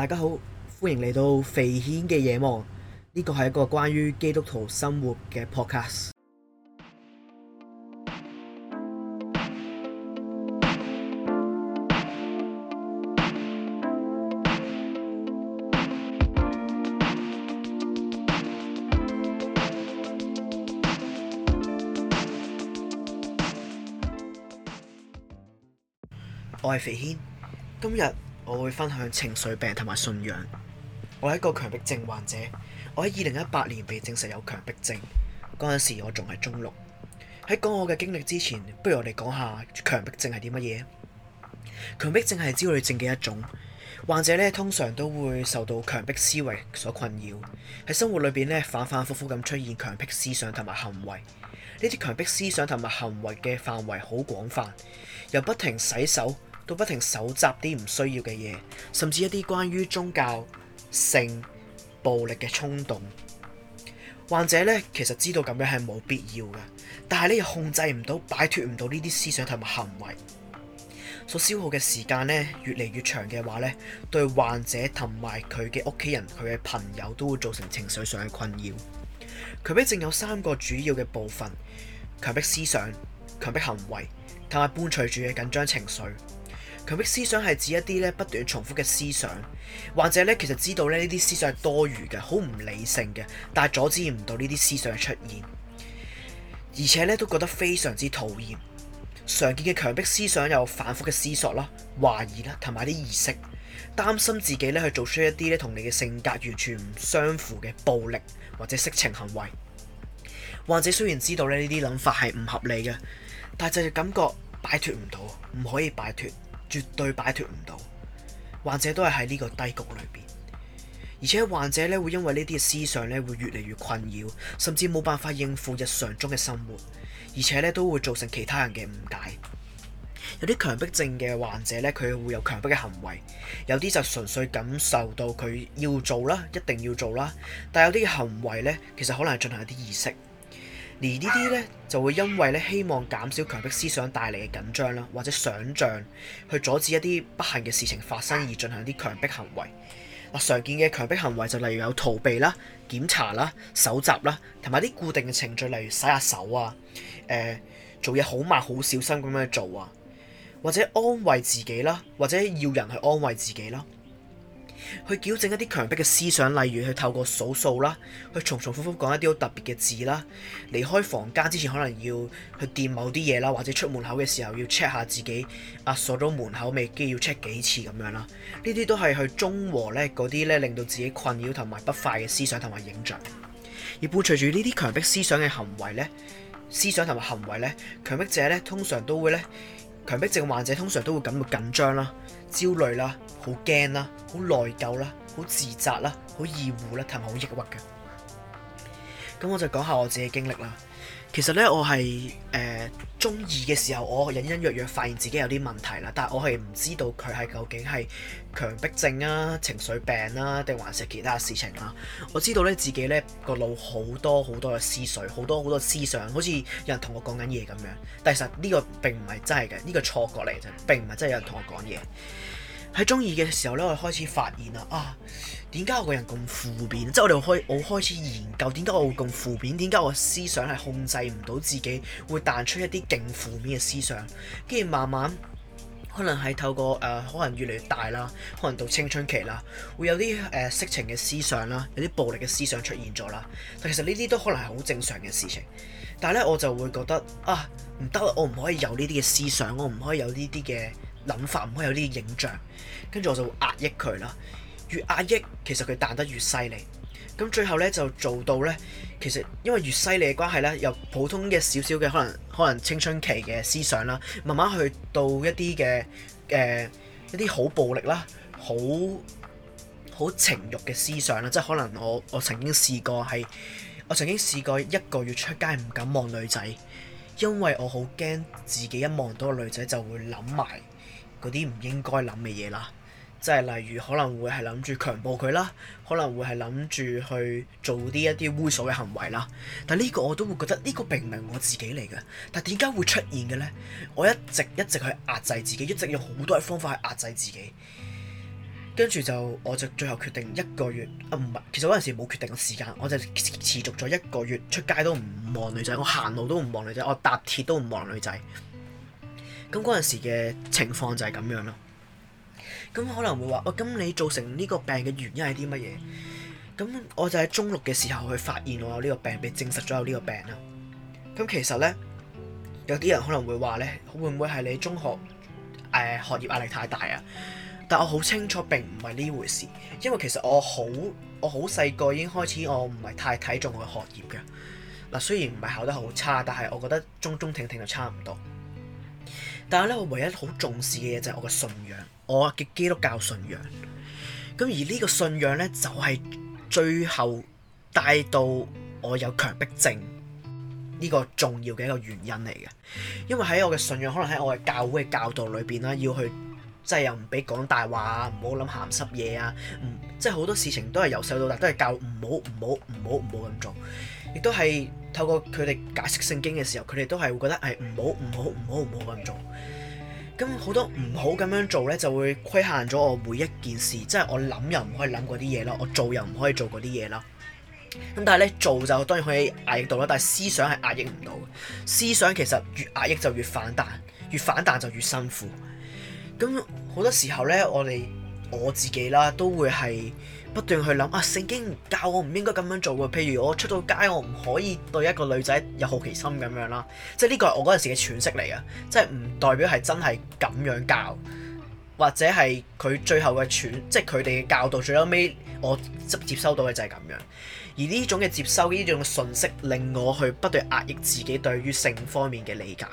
大家好，歡迎嚟到肥軒嘅野望，呢個係一個關於基督徒生活嘅 podcast。我係肥軒，今日。我會分享情緒病同埋信仰。我係一個強迫症患者，我喺二零一八年被證實有強迫症。嗰陣時我仲係中六。喺講我嘅經歷之前，不如我哋講下強迫症係啲乜嘢？強迫症係焦慮症嘅一種，患者咧通常都會受到強迫思維所困擾，喺生活裏邊咧反反复复咁出現強迫思想同埋行為。呢啲強迫思想同埋行為嘅範圍好廣泛，又不停洗手。都不停搜集啲唔需要嘅嘢，甚至一啲關於宗教、性、暴力嘅衝動。患者咧其實知道咁樣係冇必要嘅，但係你又控制唔到，擺脫唔到呢啲思想同埋行為所消耗嘅時間咧，越嚟越長嘅話咧，對患者同埋佢嘅屋企人、佢嘅朋友都會造成情緒上嘅困擾。強迫症有三個主要嘅部分：強迫思想、強迫行為，同埋伴隨住嘅緊張情緒。強迫思想係指一啲咧不斷重複嘅思想，患者咧其實知道咧呢啲思想係多餘嘅，好唔理性嘅，但係阻止唔到呢啲思想嘅出現，而且咧都覺得非常之討厭。常見嘅強迫思想有反覆嘅思索啦、懷疑啦，同埋啲意識擔心自己咧去做出一啲咧同你嘅性格完全唔相符嘅暴力或者色情行為。患者雖然知道呢啲諗法係唔合理嘅，但係就感覺擺脱唔到，唔可以擺脱。絕對擺脫唔到，患者都係喺呢個低谷裏邊，而且患者咧會因為呢啲思想咧會越嚟越困擾，甚至冇辦法應付日常中嘅生活，而且咧都會造成其他人嘅誤解。有啲強迫症嘅患者咧，佢會有強迫嘅行為，有啲就純粹感受到佢要做啦，一定要做啦，但有啲行為咧，其實可能係進行一啲儀式。而呢啲咧就會因為咧希望減少強迫思想帶嚟嘅緊張啦，或者想像去阻止一啲不幸嘅事情發生而進行一啲強迫行為。常見嘅強迫行為就例如有逃避啦、檢查啦、搜集啦，同埋啲固定嘅程序，例如洗下手啊、誒、呃、做嘢好慢好小心咁樣去做啊，或者安慰自己啦，或者要人去安慰自己啦。去矯正一啲強迫嘅思想，例如去透過數數啦，去重重複複講一啲好特別嘅字啦，離開房間之前可能要去掂某啲嘢啦，或者出門口嘅時候要 check 下自己啊鎖咗門口未，跟住要 check 幾次咁樣啦。呢啲都係去中和咧嗰啲咧令到自己困擾同埋不快嘅思想同埋影像。而伴隨住呢啲強迫思想嘅行為咧，思想同埋行為咧，強迫者咧通常都會咧，強迫症患者通常都會感到緊張啦、焦慮啦。好驚啦，好內疚啦，好自責啦，好厭惡啦，同埋好抑鬱嘅。咁我就講下我自己經歷啦。其實呢，我係誒、呃、中二嘅時候，我隱隱約約發現自己有啲問題啦，但係我係唔知道佢係究竟係強迫症啊、情緒病啦，定還是其他事情啦。我知道呢，自己呢個腦好多好多嘅思緒，好多好多思想，好似有人同我講緊嘢咁樣。但係其實呢個並唔係真係嘅，呢、這個錯覺嚟就並唔係真係有人同我講嘢。喺中二嘅時候咧，我開始發現啦，啊點解我個人咁負面？即係我哋開我開始研究點解我會咁負面？點解我思想係控制唔到自己，會彈出一啲勁負面嘅思想？跟住慢慢可能係透過誒，可能越嚟越大啦，可能到青春期啦，會有啲誒色情嘅思想啦，有啲暴力嘅思想出現咗啦。但其實呢啲都可能係好正常嘅事情。但係咧，我就會覺得啊，唔得，我唔可以有呢啲嘅思想，我唔可以有呢啲嘅諗法唔可以有呢啲影像，跟住我就會壓抑佢啦。越壓抑，其實佢彈得越犀利。咁最後呢，就做到呢。其實因為越犀利嘅關係呢，由普通嘅少少嘅可能，可能青春期嘅思想啦，慢慢去到一啲嘅誒一啲好暴力啦，好好情慾嘅思想啦。即係可能我我曾經試過係我曾經試過一個月出街唔敢望女仔，因為我好驚自己一望到個女仔就會諗埋，嗰啲唔應該諗嘅嘢啦，即係例如可能會係諗住強暴佢啦，可能會係諗住去做啲一啲猥瑣嘅行為啦。但呢個我都會覺得呢個並唔係我自己嚟嘅。但點解會出現嘅呢？我一直一直去壓制自己，一直有好多嘅方法去壓制自己。跟住就我就最後決定一個月啊，唔係，其實嗰陣時冇決定嘅時間，我就持續咗一個月出街都唔望女仔，我行路都唔望女仔，我搭鐵都唔望女仔。咁嗰陣時嘅情況就係咁樣咯。咁可能會話：喂、哦，咁你造成呢個病嘅原因係啲乜嘢？咁我就喺中六嘅時候去發現我有呢個病，被證實咗有呢個病啦。咁其實呢，有啲人可能會話呢，會唔會係你中學誒、呃、學業壓力太大啊？但我好清楚並唔係呢回事，因為其實我好我好細個已經開始，我唔係太睇重我嘅學業嘅。嗱、呃，雖然唔係考得好差，但係我覺得中中挺挺就差唔多。但係咧，我唯一好重視嘅嘢就係我嘅信仰，我嘅基督教信仰。咁而呢個信仰呢，就係最後帶到我有強迫症呢個重要嘅一個原因嚟嘅。因為喺我嘅信仰，可能喺我嘅教會嘅教導裏邊啦，要去即係又唔俾講大話啊，唔好諗鹹濕嘢啊，即係好多事情都係由細到大都係教唔好，唔好，唔好，唔好咁做。亦都係透過佢哋解釋聖經嘅時候，佢哋都係會覺得係唔好唔好唔好唔好咁做。咁好多唔好咁樣做呢，就會規限咗我每一件事，即係我諗又唔可以諗嗰啲嘢啦，我做又唔可以做嗰啲嘢啦。咁但係呢，做就當然可以壓抑到啦，但係思想係壓抑唔到。思想其實越壓抑就越反彈，越反彈就越辛苦。咁好多時候呢，我哋。我自己啦，都會係不斷去諗啊，聖經教我唔應該咁樣做喎。譬如我出到街，我唔可以對一個女仔有好奇心咁樣啦。即係呢個係我嗰陣時嘅詮釋嚟嘅，即係唔代表係真係咁樣教，或者係佢最後嘅詮，即係佢哋嘅教導最後尾我接收到嘅就係咁樣。而呢種嘅接收呢種嘅信息，令我去不斷壓抑自己對於性方面嘅理解。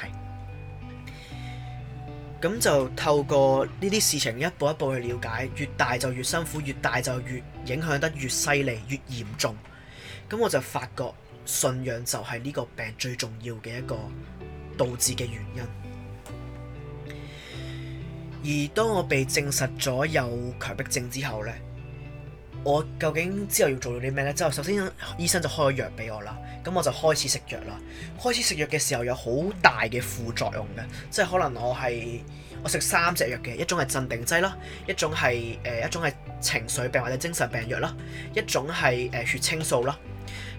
咁就透過呢啲事情一步一步去了解，越大就越辛苦，越大就越影響得越犀利、越嚴重。咁我就發覺信仰就係呢個病最重要嘅一個導致嘅原因。而當我被證實咗有強迫症之後呢，我究竟之後要做到啲咩呢？之後首先醫生就開咗藥俾我啦，咁我就開始食藥啦。開始食藥嘅時候有好大嘅副作用嘅，即係可能我係我食三隻藥嘅，一種係鎮定劑啦，一種係誒，一種係情緒病或者精神病藥啦，一種係誒血清素啦。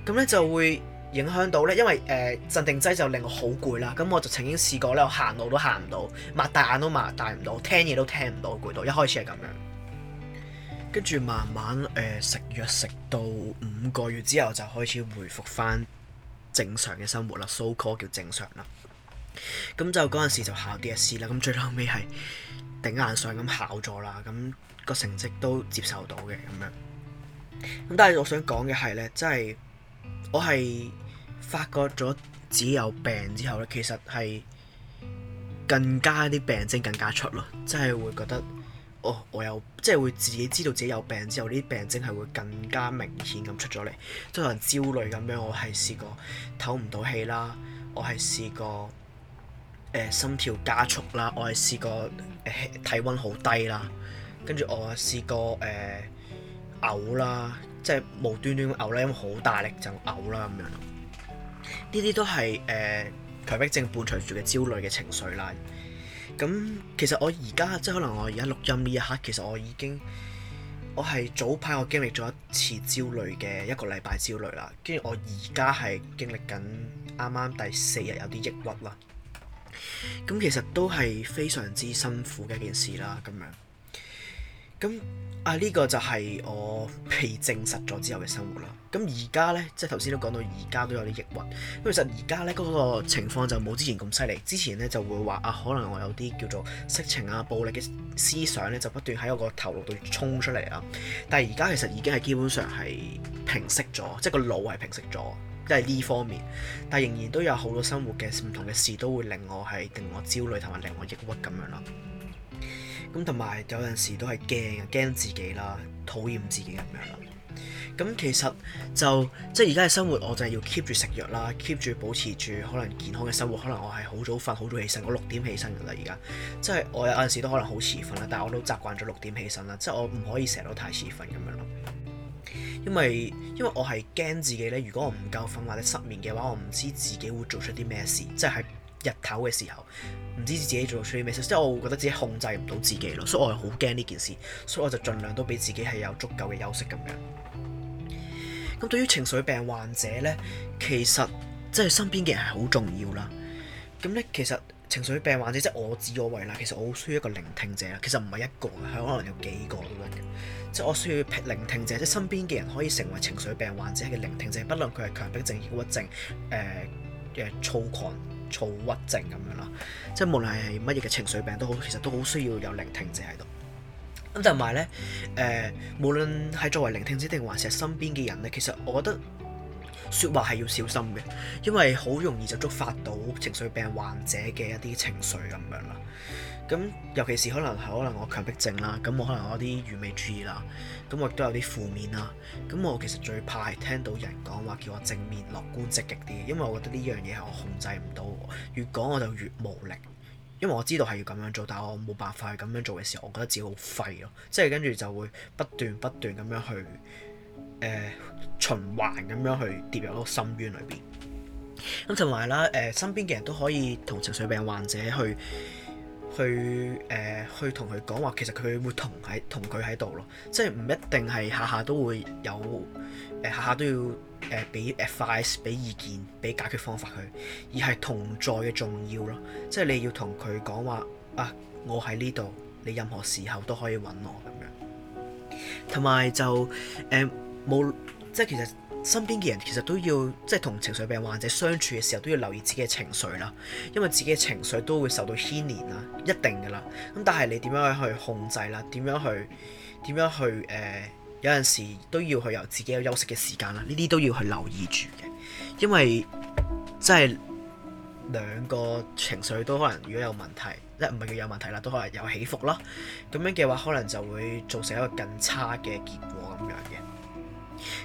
咁呢就會影響到呢，因為誒鎮定劑就令我好攰啦。咁我就曾經試過呢，我行路都行唔到，擘大眼都擘大唔到，聽嘢都聽唔到，攰到一開始係咁樣。跟住慢慢誒、呃、食藥食到五個月之後就開始恢復返正常嘅生活啦，so call 叫正常啦。咁就嗰陣時就考 D S C 啦，咁最後尾係頂硬上咁考咗啦，咁、個成績都接受到嘅咁樣。咁但係我想講嘅係呢，即係我係發覺咗自己有病之後呢，其實係更加啲病徵更加出咯，即係會覺得。哦，oh，我又即係會自己知道自己有病之後，呢啲病症係會更加明顯咁出咗嚟，即係可能焦慮咁樣。我係試過唞唔到氣啦，我係試過誒心跳加速啦，我係試過誒、呃、體溫好低啦，跟住我試過誒嘔啦，即係無端端咁嘔啦，因為好大力就嘔啦咁樣。呢啲都係誒、呃、強迫症伴隨住嘅焦慮嘅情緒啦。咁其實我而家即係可能我而家錄音呢一刻，其實我已經我係早排我經歷咗一次焦慮嘅一個禮拜焦慮啦，跟住我而家係經歷緊啱啱第四日有啲抑鬱啦。咁其實都係非常之辛苦嘅一件事啦，咁樣。咁啊呢個就係我被證實咗之後嘅生活啦。咁而家呢，即係頭先都講到，而家都有啲抑鬱。咁其實而家呢個情況就冇之前咁犀利。之前呢就會話啊，可能我有啲叫做色情啊、暴力嘅思想呢，就不斷喺我個頭腦度衝出嚟啊。但係而家其實已經係基本上係平息咗，即係個腦係平息咗，即係呢方面。但仍然都有好多生活嘅唔同嘅事都會令我係令我焦慮同埋令我抑鬱咁樣咯。同埋有陣時都係驚呀，驚自己啦，討厭自己咁樣啦。咁其實就即係而家嘅生活，我就係要 keep 住食藥啦，keep 住保持住可能健康嘅生活。可能我係好早瞓，好早起身，我六點起身噶啦，而家即係我有陣時都可能好遲瞓啦，但係我都習慣咗六點起身啦。即係我唔可以成日都太遲瞓咁樣咯。因為因為我係驚自己咧，如果我唔夠瞓或者失眠嘅話，我唔知自己會做出啲咩事，即係喺日頭嘅時候。唔知自己做咗出咩事，即係我會覺得自己控制唔到自己咯，所以我係好驚呢件事，所以我就盡量都俾自己係有足夠嘅休息咁樣。咁對於情緒病患者呢，其實即係、就是、身邊嘅人係好重要啦。咁呢，其實情緒病患者即係、就是、我自我為例，其實我好需要一個聆聽者，其實唔係一個，係可能有幾個咁樣嘅，即係我需要聆聽者，即係身邊嘅人可以成為情緒病患者嘅聆聽者，不論佢係強迫症、抑鬱症、誒嘅躁狂躁鬱症咁樣啦，即係無論係乜嘢嘅情緒病都好，其實都好需要有聆聽者喺度。咁同埋咧，誒、呃、無論係作為聆聽者定還是係身邊嘅人咧，其實我覺得説話係要小心嘅，因為好容易就觸發到情緒病患者嘅一啲情緒咁樣啦。咁尤其是可能係可能我強迫症啦，咁我可能有啲完美主義啦，咁我亦都有啲負面啦，咁我其實最怕係聽到人講話叫我正面、樂觀、積極啲，因為我覺得呢樣嘢係我控制唔到，我越講我就越無力，因為我知道係要咁樣做，但係我冇辦法去咁樣做嘅時候，我覺得自己好廢咯，即係跟住就會不斷不斷咁樣去、呃、循環咁樣去跌入個深淵裏邊。咁同埋啦，誒、呃、身邊嘅人都可以同情緒病患者去。去誒、呃、去同佢講話，其實佢會同喺同佢喺度咯，即係唔一定係下下都會有誒，下下都要誒俾 advice、俾、呃、ad 意見、俾解決方法佢，而係同在嘅重要咯。即係你要同佢講話啊，我喺呢度，你任何時候都可以揾我咁樣。同埋就誒冇、呃、即係其實。身邊嘅人其實都要即係同情緒病患者相處嘅時候都要留意自己嘅情緒啦，因為自己嘅情緒都會受到牽連啦，一定噶啦。咁但係你點樣去控制啦？點樣去點樣去誒、呃，有陣時都要去由自己有休息嘅時間啦，呢啲都要去留意住嘅，因為即係、即係、兩個情緒都可能如果有問題，一唔係叫有問題啦，都可能有起伏啦。咁樣嘅話，可能就會造成一個更差嘅結果咁樣嘅。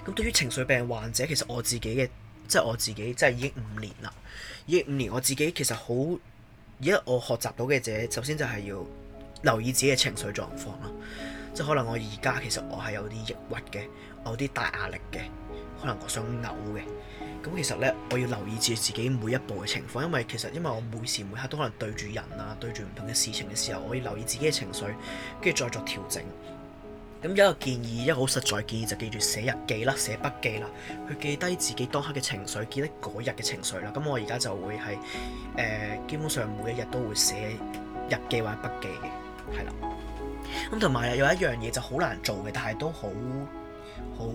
咁對於情緒病患者，其實我自己嘅，即係我自己，即係已經五年啦，已經五年我自己其實好，而家我學習到嘅者，首先就係要留意自己嘅情緒狀況啦，即係可能我而家其實我係有啲抑鬱嘅，我有啲大壓力嘅，可能我想嘔嘅，咁其實呢，我要留意住自己每一步嘅情況，因為其實因為我每時每刻都可能對住人啊，對住唔同嘅事情嘅時候，我要留意自己嘅情緒，跟住再作調整。咁一個建議，一個好實在建議就記住寫日記啦、寫筆記啦，去記低自己當刻嘅情緒，記得嗰日嘅情緒啦。咁我而家就會係誒，基本上每一日都會寫日記或者筆記嘅，係啦。咁同埋有一樣嘢就好難做嘅，但係都好好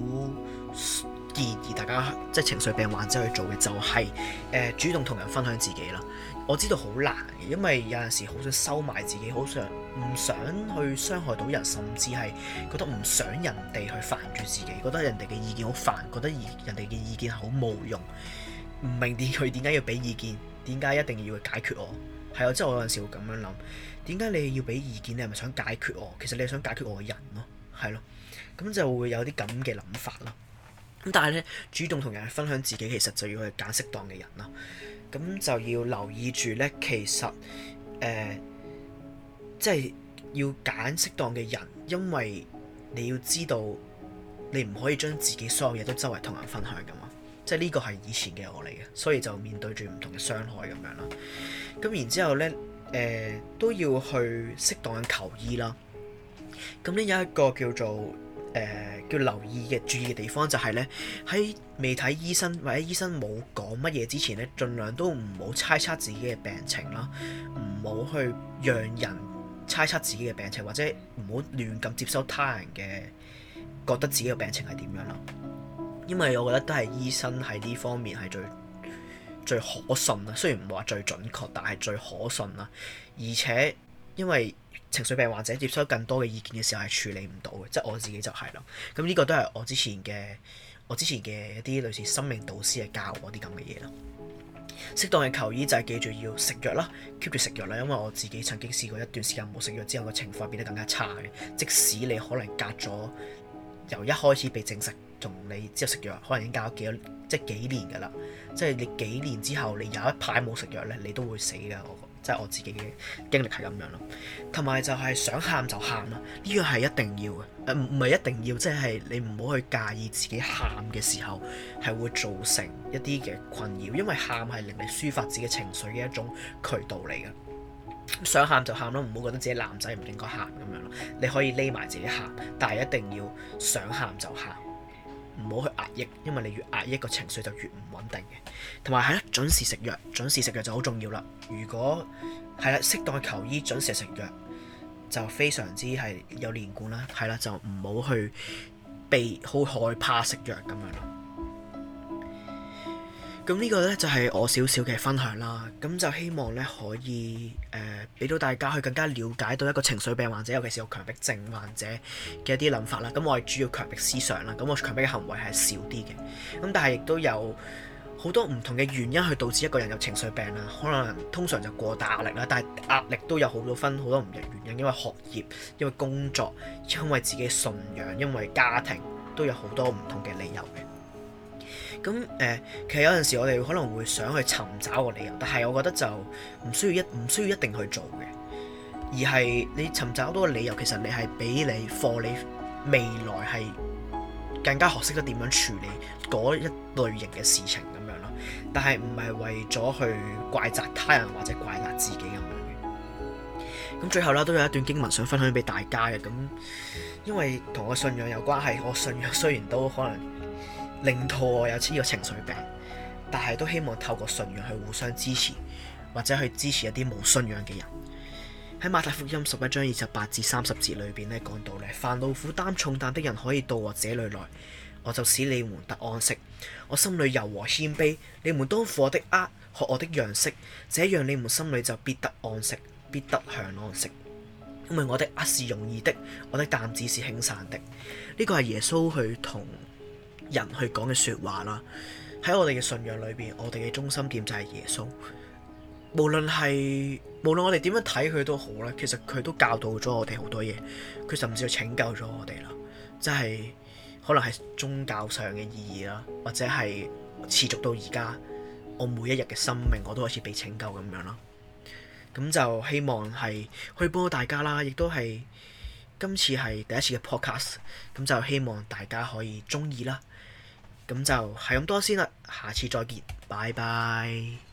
建議大家，即係情緒病患者去做嘅，就係誒，主動同人分享自己啦。我知道好難嘅，因為有陣時好想收埋自己，好想唔想去傷害到人，甚至係覺得唔想人哋去煩住自己，覺得人哋嘅意見好煩，覺得人哋嘅意見好冇用，唔明點佢點解要俾意見，點解一定要去解決我？係啊，即係我有陣時會咁樣諗，點解你要俾意見？你係咪想解決我？其實你想解決我嘅人咯，係咯，咁就會有啲咁嘅諗法咯。咁但係咧，主動同人分享自己，其實就要去揀適當嘅人咯。咁就要留意住咧，其實誒、呃，即係要揀適當嘅人，因為你要知道，你唔可以將自己所有嘢都周圍同人分享噶嘛。即係呢個係以前嘅我嚟嘅，所以就面對住唔同嘅傷害咁樣啦。咁然之後咧，誒、呃，都要去適當嘅求醫啦。咁呢有一個叫做～誒、呃、叫留意嘅注意嘅地方就係咧，喺未睇醫生或者醫生冇講乜嘢之前咧，盡量都唔好猜測自己嘅病情啦，唔好去讓人猜測自己嘅病情，或者唔好亂咁接收他人嘅覺得自己嘅病情係點樣啦。因為我覺得都係醫生喺呢方面係最最可信啦，雖然唔係話最準確，但係最可信啦，而且。因為情緒病患者接收更多嘅意見嘅時候係處理唔到嘅，即係我自己就係啦。咁呢個都係我之前嘅，我之前嘅一啲類似生命導師嘅教我啲咁嘅嘢咯。適當嘅求醫就係記住要食藥啦，keep 住食藥啦。因為我自己曾經試過一段時間冇食藥之後個情況變得更加差嘅。即使你可能隔咗由一開始被證實，同你之後食藥，可能已經隔咗幾多即係幾年㗎啦。即係你幾年之後你有一排冇食藥咧，你都會死㗎。我。即係我自己嘅經歷係咁樣咯，同埋就係想喊就喊啦，呢個係一定要嘅，誒唔唔係一定要，即係你唔好去介意自己喊嘅時候係會造成一啲嘅困擾，因為喊係令你抒發自己情緒嘅一種渠道嚟嘅。想喊就喊咯，唔好覺得自己男仔唔應該喊咁樣咯，你可以匿埋自己喊，但係一定要想喊就喊。唔好去壓抑，因為你越壓抑個情緒就越唔穩定嘅。同埋係啦，準時食藥，準時食藥就好重要啦。如果係啦，適當嘅求醫，準時食藥就非常之係有連貫啦。係啦，就唔好去避，好害怕食藥咁樣。咁呢個呢，就係我少少嘅分享啦，咁就希望呢，可以誒俾到大家去更加了解到一個情緒病患者，尤其是有強迫症患者嘅一啲諗法啦。咁我係主要強迫思想啦，咁我強迫嘅行為係少啲嘅，咁但係亦都有好多唔同嘅原因去導致一個人有情緒病啦。可能通常就過大壓力啦，但係壓力都有好多分好多唔同嘅原因，因為學業，因為工作，因為自己信仰，因為家庭，都有好多唔同嘅理由嘅。咁誒，其實有陣時我哋可能會想去尋找個理由，但係我覺得就唔需要一唔需要一定去做嘅，而係你尋找到個理由，其實你係俾你課你未來係更加學識得點樣處理嗰一類型嘅事情咁樣咯。但係唔係為咗去怪責他人或者怪責自己咁樣嘅。咁最後啦，都有一段經文想分享俾大家嘅，咁因為同我信仰有關係，我信仰雖然都可能。令到我有呢個情緒病，但係都希望透過信仰去互相支持，或者去支持一啲冇信仰嘅人。喺馬太福音十一章二十八至三十節裏邊呢講到咧，凡勞苦擔重擔的人可以到我這裡來，我就使你們得安息。我心裏柔和謙卑，你們當服我的呃學我的樣式，這樣你們心裏就必得安息，必得享安息。因為我的呃是容易的，我的擔子是輕散的。呢個係耶穌去同。人去講嘅説話啦，喺我哋嘅信仰裏邊，我哋嘅中心點就係耶穌。無論係無論我哋點樣睇佢都好咧，其實佢都教導咗我哋好多嘢，佢甚至乎拯救咗我哋啦。即係可能係宗教上嘅意義啦，或者係持續到而家，我每一日嘅生命我都開始被拯救咁樣啦。咁就希望係可以幫到大家啦，亦都係今次係第一次嘅 podcast，咁就希望大家可以中意啦。咁就係咁多先啦，下次再見，拜拜。